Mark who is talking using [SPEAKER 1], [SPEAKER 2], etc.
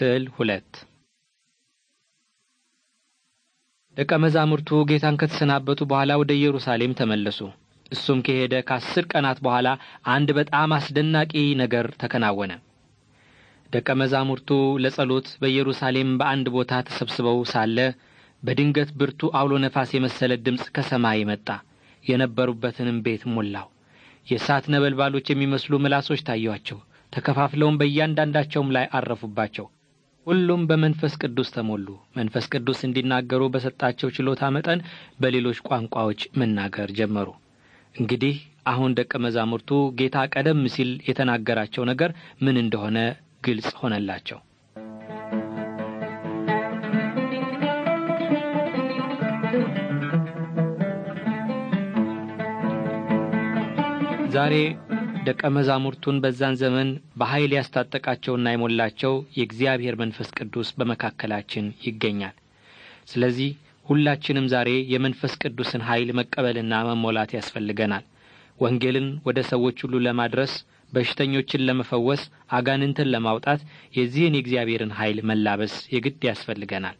[SPEAKER 1] ስዕል ሁለት ደቀ መዛሙርቱ ጌታን ከተሰናበቱ በኋላ ወደ ኢየሩሳሌም ተመለሱ። እሱም ከሄደ ከአስር ቀናት በኋላ አንድ በጣም አስደናቂ ነገር ተከናወነ። ደቀ መዛሙርቱ ለጸሎት በኢየሩሳሌም በአንድ ቦታ ተሰብስበው ሳለ በድንገት ብርቱ አውሎ ነፋስ የመሰለ ድምፅ ከሰማይ መጣ፣ የነበሩበትንም ቤት ሞላው። የእሳት ነበልባሎች የሚመስሉ ምላሶች ታዩአቸው፣ ተከፋፍለውም በእያንዳንዳቸውም ላይ አረፉባቸው። ሁሉም በመንፈስ ቅዱስ ተሞሉ። መንፈስ ቅዱስ እንዲናገሩ በሰጣቸው ችሎታ መጠን በሌሎች ቋንቋዎች መናገር ጀመሩ። እንግዲህ አሁን ደቀ መዛሙርቱ ጌታ ቀደም ሲል የተናገራቸው ነገር ምን እንደሆነ ግልጽ ሆነላቸው። ዛሬ ደቀ መዛሙርቱን በዛን ዘመን በኃይል ያስታጠቃቸውና የሞላቸው የእግዚአብሔር መንፈስ ቅዱስ በመካከላችን ይገኛል። ስለዚህ ሁላችንም ዛሬ የመንፈስ ቅዱስን ኃይል መቀበልና መሞላት ያስፈልገናል። ወንጌልን ወደ ሰዎች ሁሉ ለማድረስ፣ በሽተኞችን ለመፈወስ፣ አጋንንትን ለማውጣት የዚህን የእግዚአብሔርን ኃይል መላበስ የግድ ያስፈልገናል።